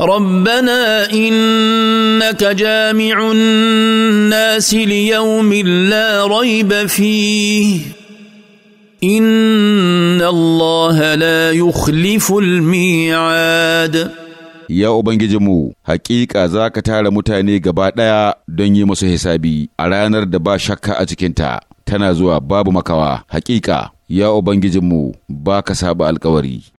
ربنا انك جامع الناس yaumin لا ريب فيه ان الله لا يخلف الميعاد ya Ubangijinmu, haƙiƙa za ka tara mutane gaba ɗaya don yi musu hisabi a ranar da ba shakka a cikinta, tana zuwa babu makawa, Haƙiƙa, ya Ubangijinmu ba ka saba alkawari.